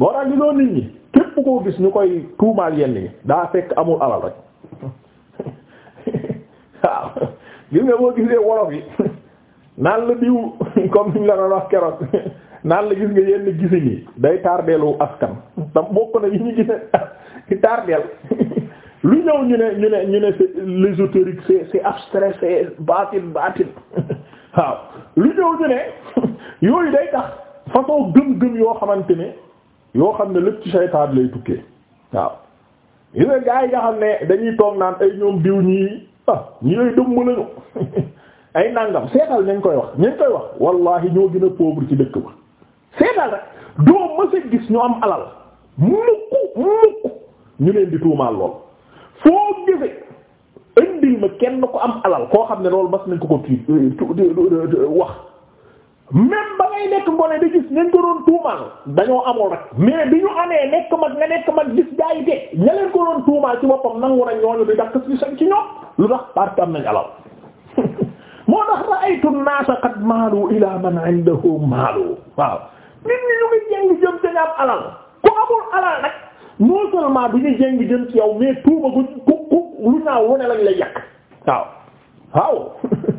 moo tax gisoo nit ñi képp koo gis ñu koy tuumaal yenn yi daa fekk amul alal rek waaw gis nga boo gisee wolof yi naan la diw comme ni ñu la doon wax keroog naan la gis nga yenn gisin yi day tardeelu askan tam bokk na yi ñu gis ne tardeel lu ñëw ñu ne ñu ne ñu ne c'est l'ésotérique c'est c'est abstrait c'est baatin baatin waaw lu ñëw ñu ne yooyu day tax façon gëm-gëm yoo xamante ne yoo xam ne lépp ci saytaan lay tukkee waaw gis nga xam ne dañuy toog naan ay ñoom diw ñii ah ñi lay dëmm lañu ay nangam seetal nañ koy wax nañ koy wax wallahi ñoo gën a pauvre ci dëkk ba seetal rek doo mës a gis ñu am alal mukk mukk ñu leen di tuumaal lool foo gise indil ma kenn ko am alal koo xam ne loolu mas nañ ko ko kii euh, euh, euh, wax même ba ngay nekk ngone di gis nañ ko doon tuumaal dañoo amoon rek mais bi ñu amee nekk mag nga nekk mag gis gaa yi de ña leen ko doon tuumaal ci boppam nangu nañ ñooñu di dakk ci sañ ci ñoom lu tax parce que am nañ alal moo tax ra'aytu an-naasa qad maalu ila man 'indahu maalu waaw nit ñi ñu ngi jéng jëm alal ku amul alal nag non seulement du ñu jéng jëm ci yow mais tuuma ku ku lu ñaaw wone lañ lay yàq waaw waaw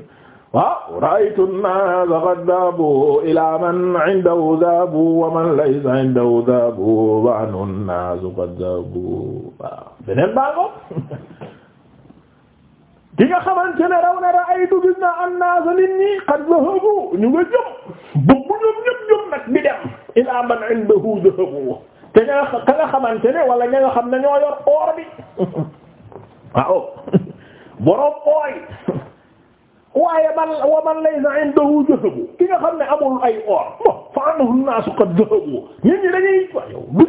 waaw ah, ra'aytu an-naasa qad dhaabu ilaa man 'indahu dhaabu wa man laysa 'indahu dhaabu wa anhu an-naasu qad dhaabu waaw beneen baago ki nga xamante ne raw na ra'aytu gis naa an-naasa nit ñi qad dhahabu ñu nga jëm bëggu ñoom ñëpp jëm nag bi dem ilaa man 'indahu dhaabu te nga ka nga xamante ne wala ña nga xam ne ñoo yor oor bi waaw borom ooy waaye man wa man laysa indahu dhahabu xam ne amul ay or fa annahu an-naasu qad dhahabu nit ñi dañuy yow bu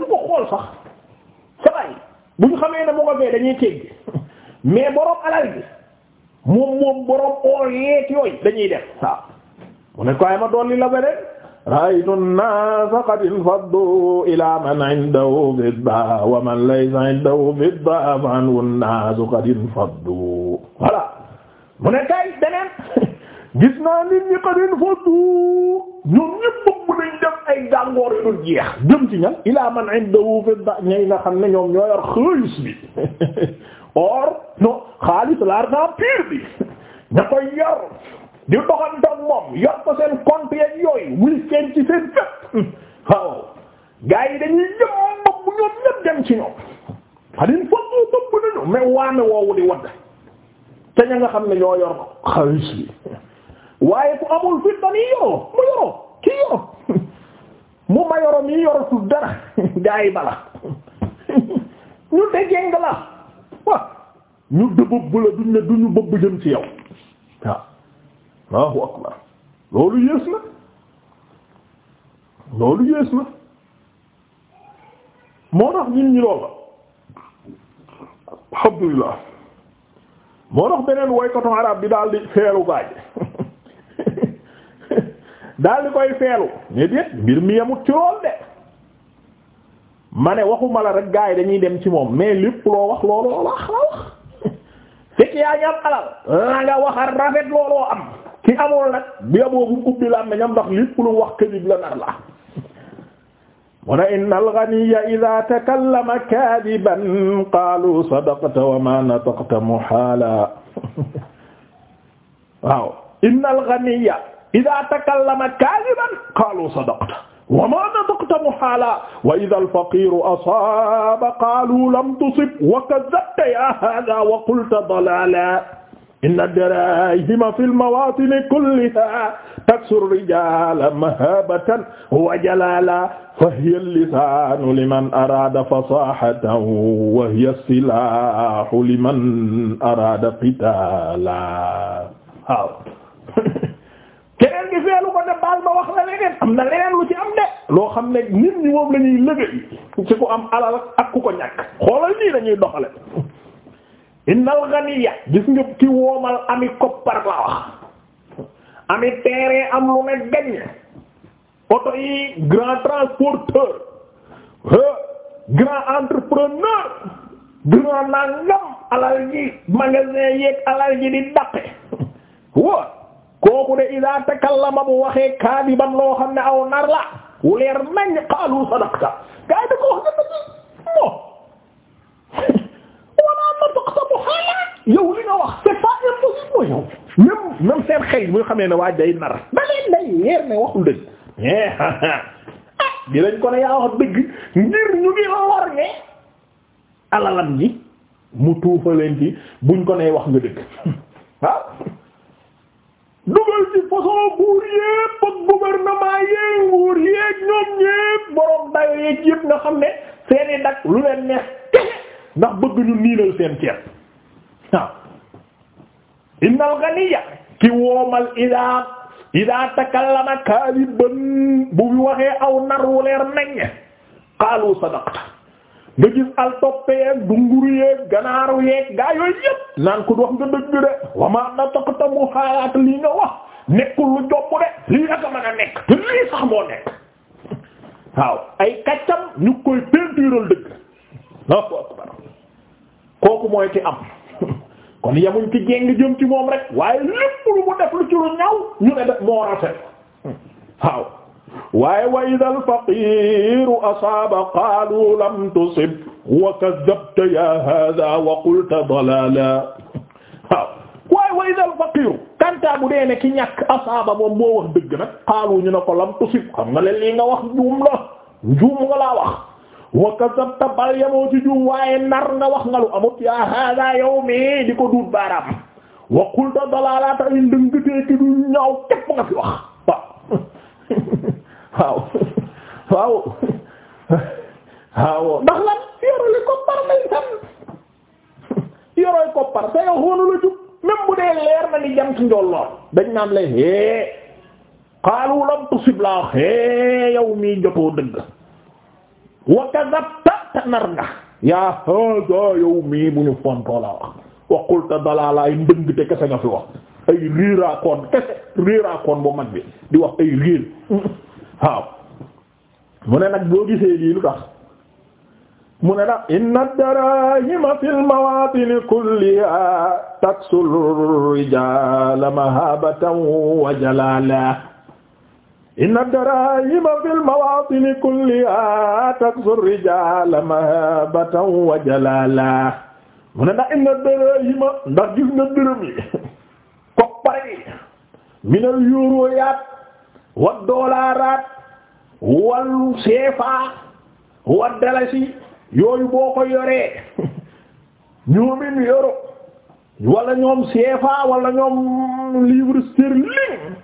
mais borom alal or yeeg yooyu dañuy def waaw mu ay ma dolli la beneen ra'aytu an-naasa qad ila man indahu fidda wa man laysa indahu fidda fa annahu an mu ne kay beneen gis naa nit ñi xarin foddu ñoom ñëpp bëgg nañ def ay gàngoor yu dul jeex jëm ci ñan ilaa man indahu ñoom ñoo yor xaalis bi or no xaalis l'argent pur bi ña koy yor di doxantoog moom yor ko seen compte yeeg yooyu ci seen fépp waaw dañuy jëm bopp ñoom ñëpp dem ci ñoom xarin foddu bëgg nañu mais waame woowu di te ña nga xam ne ñoo yor xaalis bi waaye ku amul fitna nii yoroo mu yoroo kii yoroo mu ma yoroo mii yorotul dara gaa bala ñu dejeng la waa ñu dëbëb la duñ ne duñu bëbb jëm ci yow waaw Allahu akbar loolu yées na loolu yées na moo tax ñun ñi loolu la alhamdulillah moo tax beneen woykatu arab bi daal di feelu gaaj daal di koy feelu mais déet mbir mi yamut ci lool de ma ne waxuma la rek gars yi dañuy dem ci moom mais lépp loo wax looloo wax la wax fekk yaa ngi am alal la nga wax rafet looloo am ki amoon nag bi aboobu ubbi la am na ñam ndax lépp lu wax këdib la nar la mu ne inna alganiya ida takallama kadiban qaalu sadaqta wa ma nataqta muhaala waaw inna alganiya ida takallama kadiban qaalu sadaqta wa ma nataqta muhaala wa ida alfaqiru asaaba qaalu lam tusib wa kadabta ya hada wa qulta dalaala inna daraahima fil mawaatini kullihaa taksuru rijaala mahaabatan wa jalaalan fahiya lisaanu liman araada fasaahatan wa hiya silaahu liman araada qitaalan waaw. keneen gi feelu ko ne baal ma wax la leneen am na leneen lu ci am de loo xam ne nit ñi moom la ñuy lëgëy ci ku am alal ak ku ko ñàkk xoolal nii la ñuy doxale innal ghaniya gis nga ki woomal ami koppar la wax ami terrain am lu ne gañ oto yi grand transporteur grand entrepreneur grand nangam alal ji magasin yeeg alal ji di daqe wa kooku de ida takallama bu waxee kaadiban loo xam ne aw nar la wuleer nañ qaalu sadaqta gaa yi da ko wax nga dëgg yow li nga wax c'est pas impossible yow même même seen xel bu ñu xamee ne waa day nar ba leen day leer ne waxul dëgg mais eh, ah dinañ ko yaa wax dëgg ngir ñu ngi la war ne alalam ji mu tuufaleen ci buñ ko nee wax nga dëgg ah. dugal ci façon buur yépp ak gouvernement yéeg nguur yéeg ñoom ñépp borom dayo yéeg yépp nga xam ne seeni dak lu leen neex ndax bëgg ñu niinal seen ceeb waaw innal ghaniya ki woomal idaa idaa takallama kaadiban bu bi waxee aw nar wu leer naññ qaalu sadaqta nga gis al toppe yeeg dunguru yeeg ganaaru yeeg gaa yooyu yëpp naan ko wax nga dëgg de wa ma nataqta mu xaalaat lii nga wax nekkul lu jomb de lii naka mën a nekk te lii sax nekk waaw ay kaccam ñu koy peintural dëgg Allahu akbar kooku mooy am kon yemuñ ci jéng jëm ci moom rek waaye lépp lu mu lu ci lu ñaw ñu ne def moo rafet waaw waaye wa idha al faqiru qaalu lam tusib wa kadhabta ya hadha wa qulta dalala waaw waaye wa idha al kanta bu dee ne ki ñàkk asaaba moom moo wax dëgg qaalu ñu ne ko lam tusib xam nga leen lii wax juum la wax wa kasabta bal waaye nar nga wax nga lu amut yaa hada yow di ko duut baaraam wa qulta dalalata ay ndëngtee ki du ñaaw képp nga fi wax waaw waaw waaw ndax lan yoroli koppar may san yoroy koppar sa yow la jub même bu dee leer na ni jant njolloon dañ naan lay xée xaalu lam tusib laa xé yow jotoo dëgg wa kadabta te nar nga yaa hada yow mii bu ñu fontoo la wax wa qulta dalalaay ndëng te kese nga fi wax ay riiraakoon kese riiraakoon bu mag bi di wax ay riir waaw mu ne nag boo gisee lii lu tax mu ne nag inna darahima fil mawatini kulliha taksul rijala mahabatan wa jalala inna daraahima fil mawaatini kullihaa taksur rijaala mahabbatan wa jalaala mu ne ndax inna daraahima ndax gis nga dërëm yi koppar yi wa dollaraat wal seefaa wa dalasi yooyu boo ko yoree ñoomin yoro wala ñoom seefaa wala ñoom livre sterling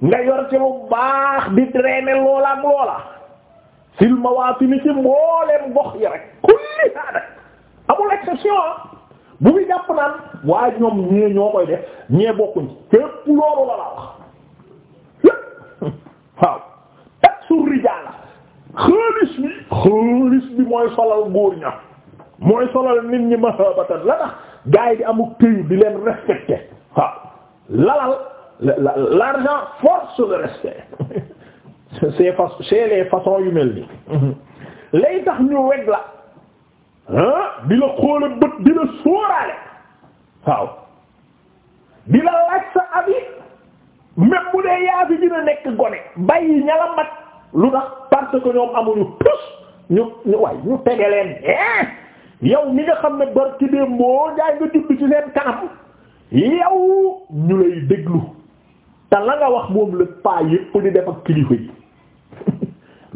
nga yor ci lu baax di traîner loola ak loola fil mawaatini ci mbooleem gox yi rek kulli hada amul exception ah. bu fi jàpp naan waaye ñoom ñee ñoo koy def ñee bokkuñ fépp loolu la la wax waaw teg sur rijaala xaalis bi xaalis bi mooy solal góor ña mooy solal nit ñi mahabatan la tax gaa yi di amuk tëyu di leen respecté waaw lalal l'argent force le respect c'est fa yu mel nii lay tax ñu weg la ah di la bët di la waaw di laaj sa avis même bu dee yaa dina nekk gone bàyyi ñala lu tax parce que ñoom amuñu plus ñu ñu ñu tege leen yow mi nga xam ne barki démboo jaay nga judd ci seen kanam yow ñu lay déglu te la wax moom la paa yëpp di def ak kilifa yi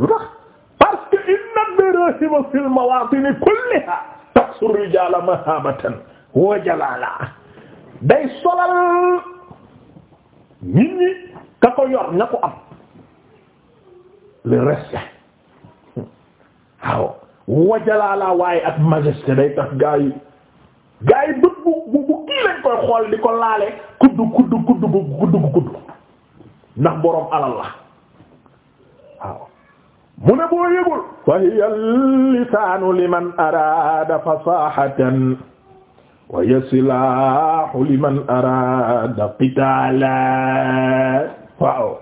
lu inna birahima fil mawatini kulliha taksur rijala mahabatan wa jalala day solal nit ka ko yor ko am le respect waaw wa jalala waaye ak majesté day tax gaa yi bët bu bu bu kii koy xool di ko laale kudd kudd kudd bu kudd bu kudd la waaw mu ne boo yëgul fa hiya lisaanu liman araada fasahatan wa hiya silaahu liman araada qitaala waaw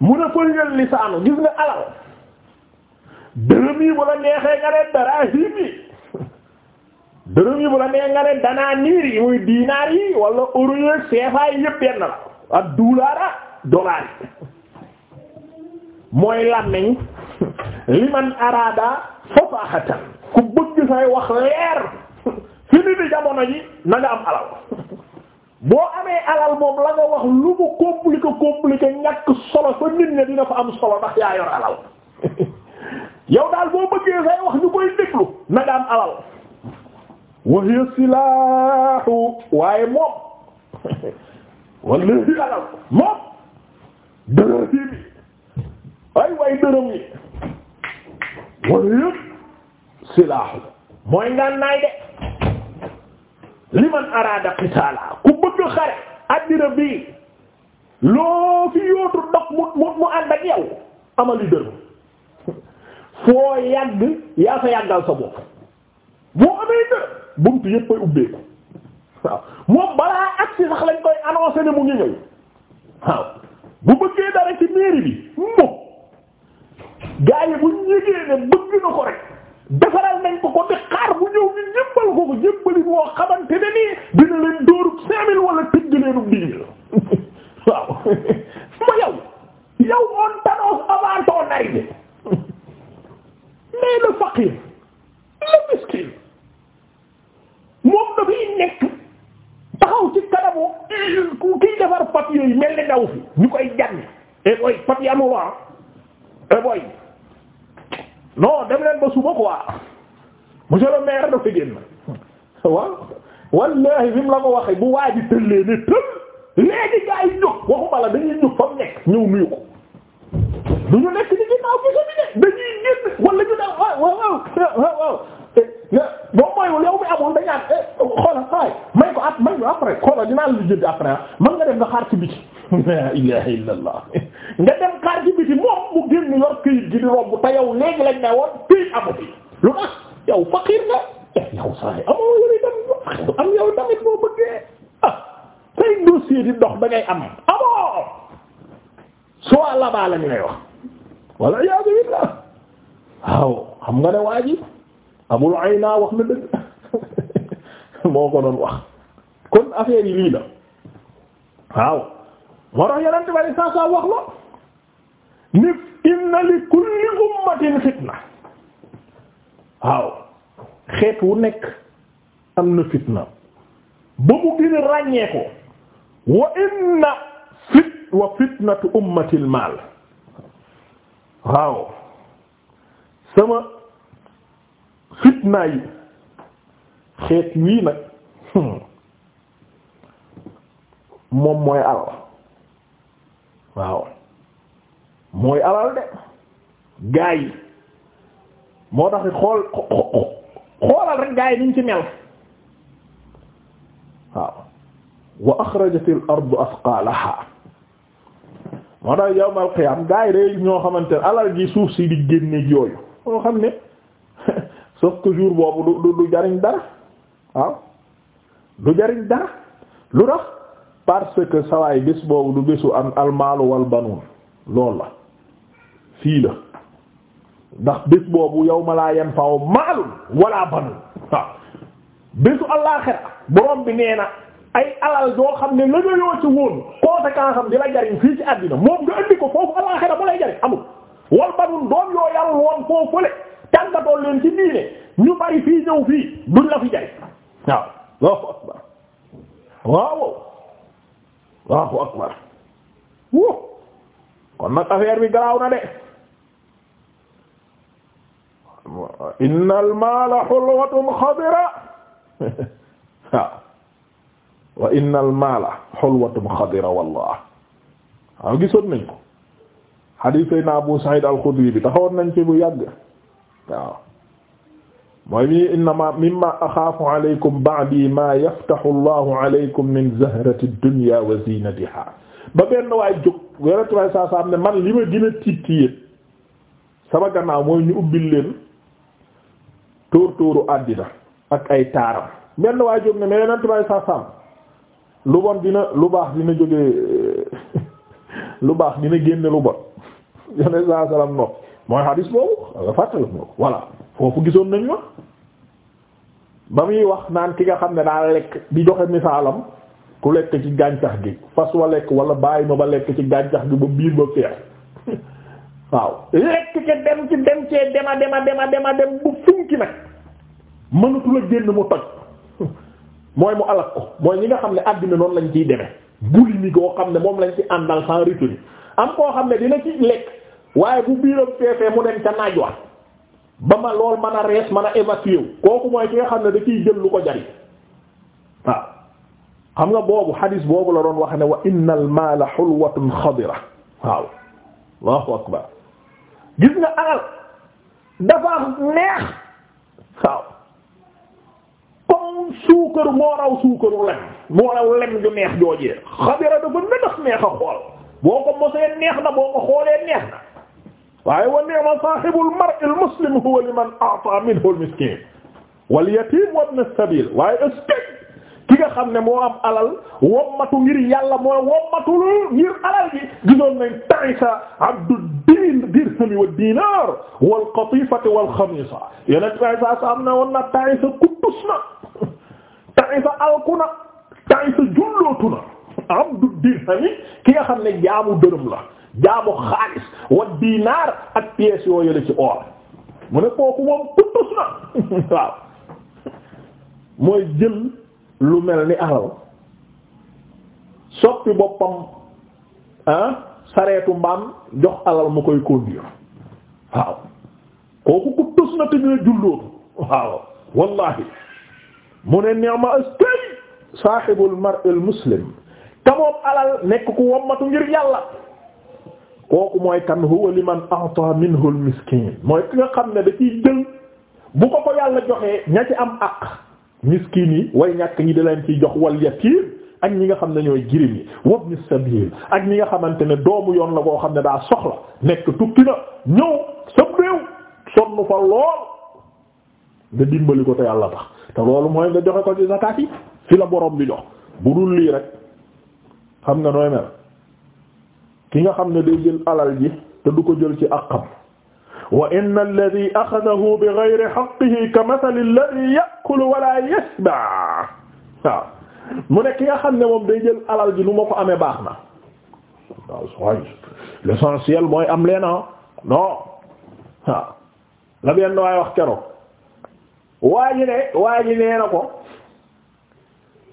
mu ne fa hiya lisaanu gis nga alal dërëm yi ne dara hiimi dërëm yi a la nee nga ne danaa niir yi muy diinaar yi wala euro yi CFA yi la ak duulaara dollar yi mooy làmmiñ li man araada fasaaxatan ku bëgg say wax leer fi ni di jamono ji na am alal boo amee alal moom la nga wax lu mu compliqué compliqué ñàkk solo fa nit ñi dina fa am solo ndax yaa yor alal yow daal boo bëggee say wax ñu koy déglu na am alal wa hiya silaahu waaye moom wallahi alal moom dërëm yi ay waay dërëm yi wa hiya silaahu mooy ngànnaay de liman araada qitaala ku bëgg xare addina bi loo fi yootu ndox mu mu mu ànd ak yow amali dërëm foo yàgg yaa fa yàggal sa bopp boo amee dërëm buntu yëpp ubbeeku waaw moom balaa agsi sax lañ koy annoncé ne mu ngi ñëw waaw bu bëggee dara ci mairie bi moom gaa yi bu ñëgee bëgg na ko rek defaral nañ ko ko te xaar bu ñëw ñu jébbal ko ko jébbali moo xamante ne nii dina leen dóorub cinq mille wala tëgg leenub dix mille waaw ma yow yow on t'annonce avant ton arrivée mais le faqir le miskin moom dafay nekk taxaw ci kanamu kiy defar papier yi mel ni daw fi ñu koy jàng et eh boy papier amul waa et eh boy non dem leen ba suba quoi monsieur le maire dafa génn wallahi bi mu la ko waxee bu waa tëllee ne tël gaa yi jóg waxuma dañuy jóg fa mu nekk ñëw nuyu ko du ñu nekk ni ginnaaw bi dañuy génn wala ñu ne waaw boo mooywul yow mi amoon dañaan eh, xoolal saay may ko at ah, nga def nga xaar ci biti la ilaha eh, am ah, dox da ngay am amoo soo àllabaa lañ lay wax wala yaa billah waaw xam nga ne waa amul ay naa wax na dëgg moo kon affaire yi lii la waaw moo tax yeneen bari saa saa wax la ni inna li kulli ummatin fitna waaw xeet wu nekk am na fitna ba mu gën a wa inna fit wa fitnatu ummatil maal waaw sama fitna yi xeet wii nag hmm, moom mooy alal waaw mooy alal de gaa yi moo tax xool xoolal rek gaa yi niñ ci mel waaw wa axrajat al ardu asqalaha moo tax yawmal qiyaam gaa yi day ñoo xamante ne alal ji suuf si di génne yooyu moo xam ne sauf que boobu du du jariñ dara waaw du jariñ dara lu tax parce que sawaay bés boobu du bésu am almaalu wal banuun lool la fii la ndax bés boobu yawma laa yanfa'u maalun wala banuun waaw bésu allaaxira borom bi nee ay alal doo xam ne la yoo ci woon conséquence am di la jariñ fii ci àddina moom nga indi ko foofu allaaxira mu lay jariñ amul wal doom yoo yarul woon foofu le tàggatoo leen ci diine ñu bari fii ñëw fii duñ la fi jari waaw Allahu akbar waaw Allahu akbar wo kon nag affaire bi garaaw na de innal maala xulwatun xadira waaw wa innal maala xulwatun xadira wallah waaw gisoon nañ ko xadiis Seydina Abu Saïd al-Xudri bi nañ ci bu yàgg waaw mooy mi innama mimma axaafu alaykum ba'di ma yaftahu allahu alaykum min zahrati dunya wa zinatiha ba benn waay jóg yoretuwaay saa saa ne man li ma gën a tiit yéen sama gannaaw mooy ñu ubbil leen tóor tóoru àddina ak ay taaram benn waay jóg ne mais yoretuwaay saa saa lu bon dina lu baax dina jógee lu baax dina génne lu bon yone saa salaam nopp mooy hadis boobu fàttaliku na ko voilà foofu gisoon nañu la ba muy wax naan ki nga xam ne daa lekk di joxe misaalam ku lekk ci gàncax gi fas wa lekk wala bàyyi ma ba lekk ci gàncax gi ba biir ba feex waaw lekk ca dem ci dem cee dema dema dema dema dem bu funki nag mënatula génn mu toj mooy mu alak ko mooy ñi nga xam ne àddina noonu lañ ciy demee buli mi koo xam ne moom lañ ci àndal sans retenue am koo xam ne dina ci lekk waaye bu biiram feefee mu dem ca naaj ba ma lool mën a rees mën a évacuer kooku mooy ki nga xam ne da ciy jël lu ko jari waaw nga boobu xadis boobu la doon wax ne wa inna al maala xulwatun xadira waaw allahu akbar gis nga alal dafa neex waaw comme suukar moo raw suukaru lem moo lem ju neex joojee xadira dafa nëndax neex a xool boo ko mosee neex na boo ko xoolee neex na waaye wa ni'ma sahibul mar'il muslim huwa liman a'ta minhu al miskin wal yatim wa ibn as-sabil waaye ëskay ki nga xam ne moo am alal wommatu ngir yàlla moo wommatul ngir alal gi gisoon nañ ta'isa abdu din dirham wa dinar wal qatifati wal khamisa yeneen ta'isa sa am na woon na ta'isa kuddus na ta'isa alku na ta'isa jullootu na abdu dirham ki nga xam ne jaamu dërëm la jaamu xaalis wa dinaar ak pièces yooyu la ci or mu ne kooku moom kuttus na waaw mooy jël lu mel ni alal soppi boppam ah sareetu mbaam jox alal mu koy conduire waaw kooku kuttus na te ñu ne waaw wallahi mu ne ni'ma askay sahibul mar'il muslim alal nekk ku wommatu ngir yàlla kooku mooy kan huwa liman a'ta minhu al-miskin mooy ki nga xam ne da ciy jël bu ko ko yàlla joxee ña ci am aq miskin yi way ñàkk ñi da leen jox wal yatiim ak ñi nga xam ne ñooy jirim yi wabni sabil ak ñi nga xamante ne doomu yoon la boo xam ne daa soxla nekk tukki na ñëw sab réew sonn fa lool nga dimbali ko te yàlla tax te loolu mooy nga joxe ko ci zakat yi fi la boroom bi jox bu dul lii rek xam nga nooy mel ki nga xam ne day jël alal ji te du ko jël ci àqam wa inna alladhi akhadahu bighayri haqqihi kamathali alladhi ya'kulu wa la yashba mu ne ki nga xam ne moom day jël alal ji nu ma ko amee baax na waaw sooy mooy am leen ah non waaw la benn waay wax keroog waa ji ne waa nee na ko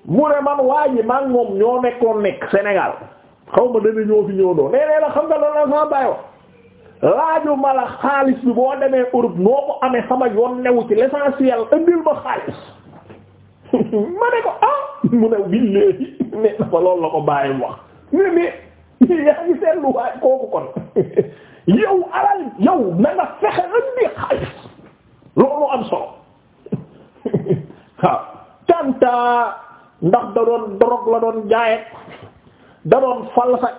mu ne man waa ji moom ñoo nekkoon nekk Sénégal xaw ma dana ñoo fi ñëw doon nee la xam nga loolu la sama baay wax laaju la xaalis bi boo demee Europe noo ko amee sama yoon newu ci l'essentiel indil ma xaalis ma ko ah mu ne billaahi mais loolu la ko bàyyi wax ne mais yaa ngi seetlu waaye kooku kon yow alal yow na nga fexe indi xaalis loolu am solo waaw tanta ndax da doon drogue la doon jaayet da doon falsak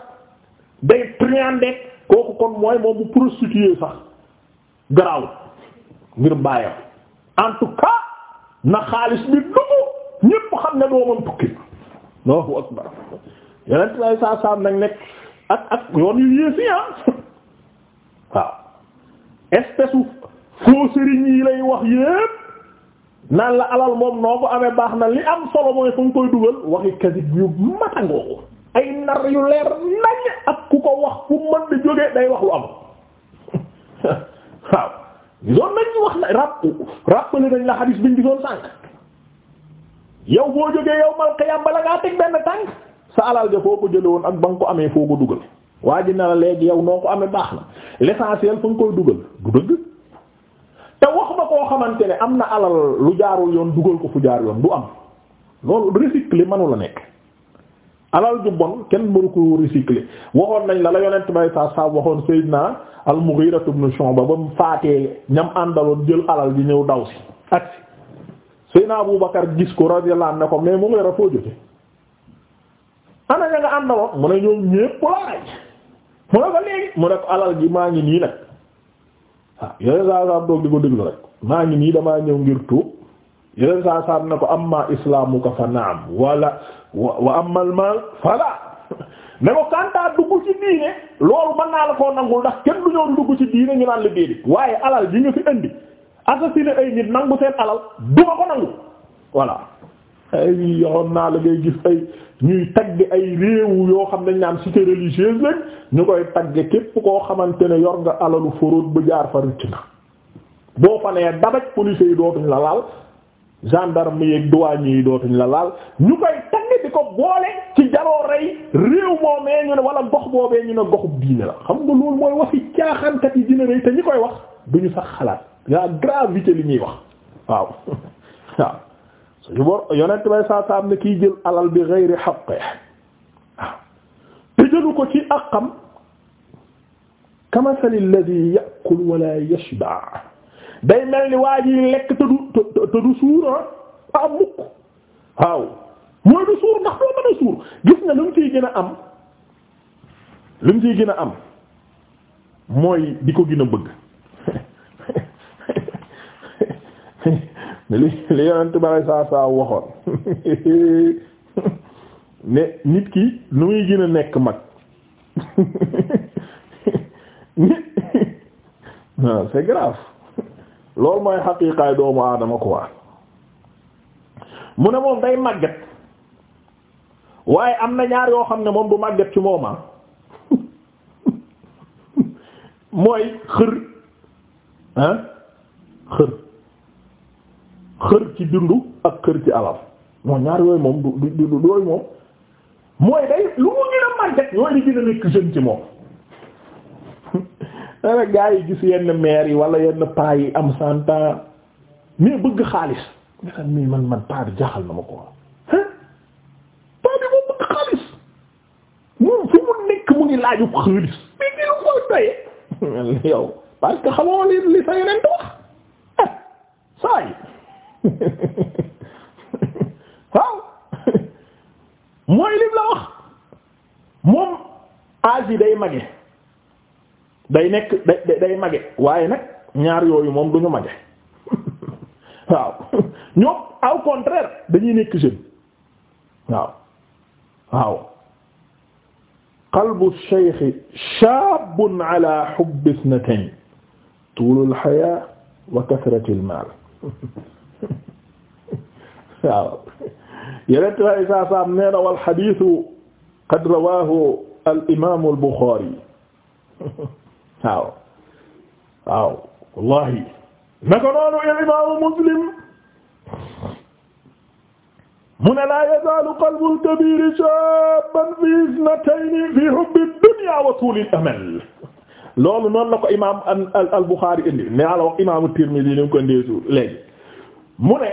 day triandek kooku kon mooy moom bu prostitué sax garaawul ngir bàyyam en tout cas na xaalis bi duggu ñépp xam ne doomam tukki Allahu akbar yeneen nag nekk ak ak yoon yu yéesi ah waaw espèce u faux sëriñ yi lay wax yépp naan la alal moom noo ko amee baax na li am solo mooy fu nga koy dugal waxi kasib yu matangoo ko ay nar yu leer nañ ak ku ko wax ku mën di jógee day wax lu am waaw gisoon nañ wax na ràpp rappelé nañ la xadiis biñ gisoon sànq yow boo jógee yow mal bala ngaa teg benn tànk sa alal ja foo jële woon ak ba nga ko amee foo ko dugal waa ji na la léegi yow noo ko amee baax na l'essentiel fu nga koy dugal du dëgg te waxuma koo xamante ne am na alal lu jaarul yoon dugal ko fu jaar yoon du am loolu recycler mënu la nekk alal ju bon kenn mënu ko recycler waxoon nañ la la yonent bay sa sa waxoon Seydina al-Mughira ibn Shu'ba ba mu faatee ñam àndaloon jël alal ji ñëw daw si ak Seydina Abu Bakar gis ko radiyallahu anhu ne ko mais Mughira foo jote ana nga nga àndaloon mu ne ñoom ñépp la rek mu ne ko léegi mu ne ko alal ji maa ngi nii nag waaw yooyu saa saa doog di ko déglu rek maa ngi nii damaa ñëw ngir tuub yeneen saa saa ne ko amma islaamuka fa naam wala wa amma al maal fala ne ko kantaa dugg ci diine loolu mën naa la koo nangul ndax kenn du ñëw dugg ci diine ñu naan la déedéet waaye alal ji nga fi indi assassiné ay nit nangu seen alal du ma ko nangu voilà ay yoxoon naa la ngay gis ay ñuy tagg ay réew yoo xam nañ naan cité religieuse lañ ñu koy tagge képp koo xamante ne yor nga alalu foroot bu jaar fa rëcc na boo fa nee dabaj police yi dootuñ la laal gendarme yeeg douane yi dootuñ la laal ñu koy tagg di ko boole ci jaroo rey réew moomee ñu ne wala gox boobee ñu ne goxub diine la xam nga loolu mooy waxi caaxaankat yi dina rëy te ñi koy wax duñu sax xalaat la gravité li ñuy wax waaw waaw yonent bay saa saa am ne kiy jël alal bi ghayri haqqi waaw te jëlu ko ci àqam kamasali alladhi ya'kul wala yashba day mel ni waa ji lekk te du te du ah, mukk waaw mooy du suur ndax doo mën a suur gis nga lu mu gën a am lu mu gën a am mooy di ko gën a bëgg li li yonent saa saa waxoon ne nit ki nu muy gën a nekk mag non c'est grave loolu mooy xaqiiqaay doomu aadama quoi mu ne moom day màgget waaye am na ñaar yoo xam ne moom du màgget ci mooma ah. mooy xër ah xër xër ci dundu ak xër ci alal moo ñaar yooyu moom du du du yooyu moom mooy day lu mu gën a màgget yooyu di gën a nekk jeune ci moom dana gaa yi gis yenn meer yi wala yenn paa yi am cent ans bëgg xaalis nga man man paa bi jaaxal na ma ko hein paa bi moom bëgg xaalis moom fi mu nekk mu ngi laaju xaalis mais ni lu eh, mooy lim la wax moom âge day mage day nekk day day mage waaye nag ñaar yooyu moom du ñu mage waaw ñoom au contraire dañuy nekk jeune waaw waaw qalbu shaykh shaabun ala hubbi ithnatayn tuulul hayaa wa kasratil maal waaw yeneen tubaab saa saa am nee na wal hadiisu qad rawaahu al imaamul Buxaari waaw waaw wallahi naka noonu al imaamu muslim mu ne laa yazaalu qalbul kabiir shaabban fi isnatayni fi hubbi dunya wa tuulil amal loolu noonu la ko imaam al al Buxaari indi ne ala wax imaamu ni mu ko ndeesu léegi mu ne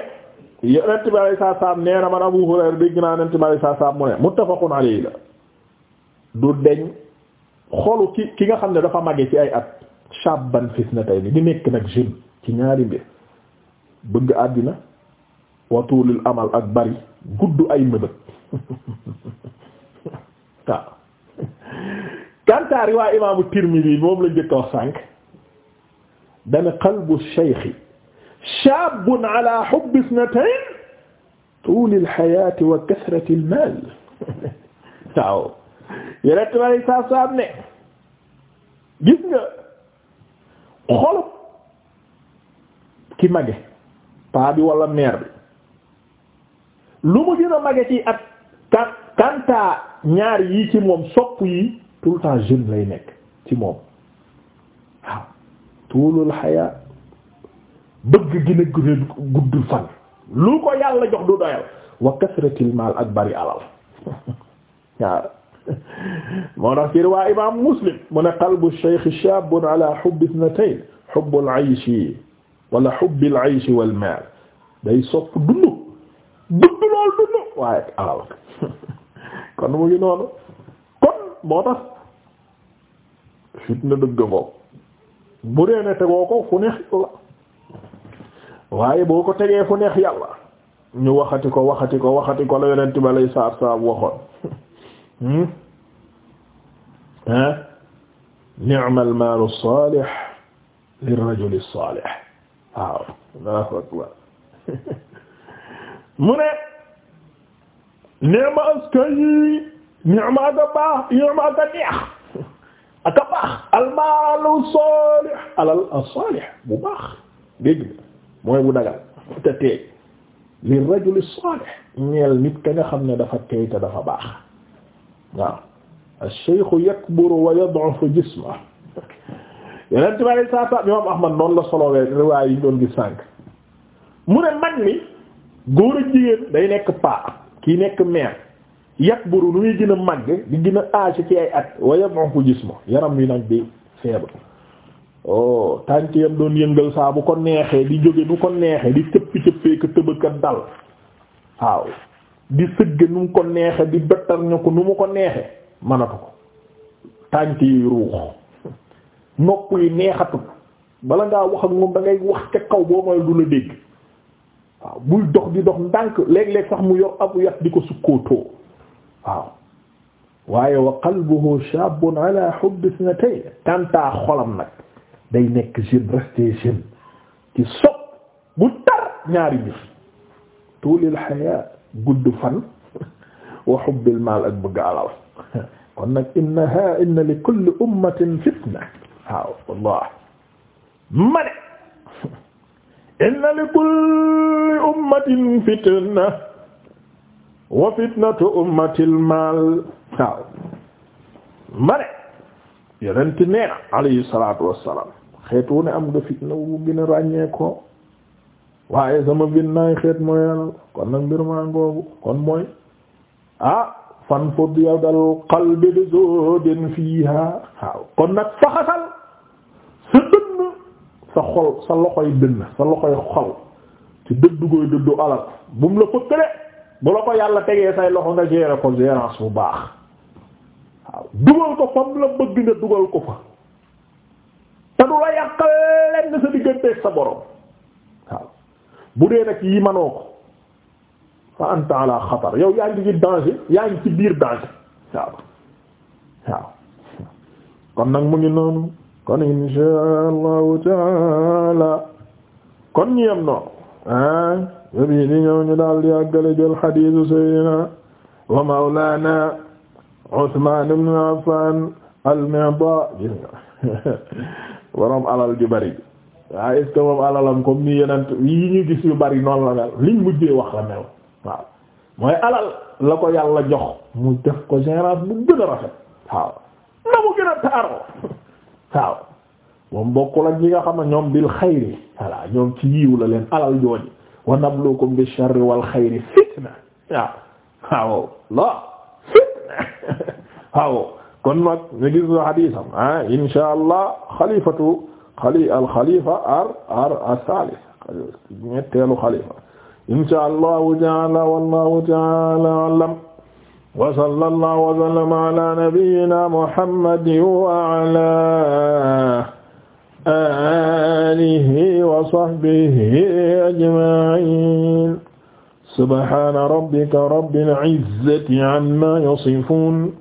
Yonent bi alayhi salaam man Abu Hurayra dégg naa Yonent bi alayhi mu ne muttafaqun alayhi du deñ xolu ki ki nga xam ne dafa màggee ci ay at shabban fitnatayni di nekk nag jeune ci ñaari mbir bëgg àddina wa tuulil amal ak bari gudd ay mëbët waaw kantaari waa imaamu Tirmidhi moom la njëkk a wax sànq dana qalbu shaykhi shaabun ala hubbi ithnatayn tuulil hayaati wa kasratil maal waaw yonent bi alay saa salaam ne gis nga xolub ki mage paa bi walla mère bi lu mu gën a mage ci at kantaa ñaar yi ci moom sopp yi tout le temps jeune lay nekk ci moom waaw tuulul xayaa bëgg gën a guddul fan lu ko yàlla jox du doyal wa kasratil maal ak bari alal waaw moo tax ci riwaa imam Muslim mu ne qalbu shaykh shaabun ala hubbi ithnatayn hubbul ayshi wala hubbil ayshi wal alal kon mu ngi noonu kon moo tax fitna dëgg ngoo bu dee ne tegoo ko fu neex yàlla waaye boo ko tegee fu neex yàlla ñu waxati ko waxati ko waxati ko la yonent bi alayhi salaatu wa salaam waxoon ah ni'mal maalu saalih lirrajuli saalih waaw Allahu akbar mu ne ni'ma askay ni'ma aka baax ni'ma aka neex aka baax almaalu saalih alal saalih bu baax dégg mooy bu dagal te teey lirrajuli saalih ñeel nit ka nga xam ne dafa teey te dafa baax waaw ash-shaykhu yakburu wa yad'ufu jismuhu yeneen tubaab yi saa saa imam Ahmad noonu la solowee riwaay yi doon gis sànq mu ne mag mi góor ak jigéen day nekk paa kii nekk mère yakburu lu muy gën a màgg di gën a âge ci ay at wa gis ma yaram wi nag di feebar oh tànk yam doon yëngal saa bu ko neexee di jóge du ko neexee di cëppi cëppee ka tëbëkat dal waaw di sëgg nu mu ko neexe di bëttar ñu ko nu mu ko neexe manatu ko tànk yi ruux nopp yi neexatu bala ngaa wax ak moom da ngay wax ca kaw boo mooy du la dégg waaw buy dox di dox ndànk léeg-léeg sax mu yor ab yat di ko sukkootoo waaw waaye wa qalbuhu shabun ala hubb ithnatayn xolam nag day nekk jeune resté jeune ci sopp bu tar ñaari bis tulil hayat gudd fan wa hubbil maal ak bëgg alal kon nag inna ha inna fitna waaw wallah ma ne inna li fitna wa fitnatu ummatil maal waaw ma ne yonent nee na alayhi salaatu wassalaam am nga fitna wu gën a waaye sama bin naa xeet mooy yàlla kon nag mbir ngoogu kon mooy ah fan fod yadal qalbi bi zodin fiiha waaw kon nag faxasal sa dënn sa xol sa loxoy dënn sa loxoy dëddu gooy dëddu alal bu mu la fëkkale bu la ko yàlla tegee say loxo nga gérer ko gérance bu baax waaw dugal ko fa mu la bëgg nga dugal ko fa te du la yàqal lenn sa digganteeg sa borom bu dee nag yi manoo ko fa xatar yow yaa ngi ci danger yaa ngi ci biir danger waaw waaw kon nag mu ngi noonu kon insha allahu taala kon ñu yem noonu ah yobi di ñëw ñu daal di àggale jël xadiisu sayyidina wa mawlana Usmaan ibn Affaan al-Miqdaa borom alal ju bari waa est moom alalam kom ni yeneen yi ñu gis yu bari noonu la mel liñ mujjee wax la mel waaw mooy alal la ko yàlla jox mu def ko gérance bu gën a rafet waaw na mu gën a taaroo waaw moom bokkul ak ñi nga xam ne ñoom bil xayri voilà ñoom ci yiw la leen alal jooju wa nabluukum bi sharri wal xayri fitna waaw waaw fitna waaw kon nag ñu gis nga xadiisam ah insha allah xalifatu xali al xalifa ar ar as-salis ñetteelu xalifa insha allahu taala wallahu taala alam wa sallallahu wa sallama ala nabiyyina muhammadin wa ala alihi wa sahbihi ajma'in subhana rabbika rabbil izzati amma yasifun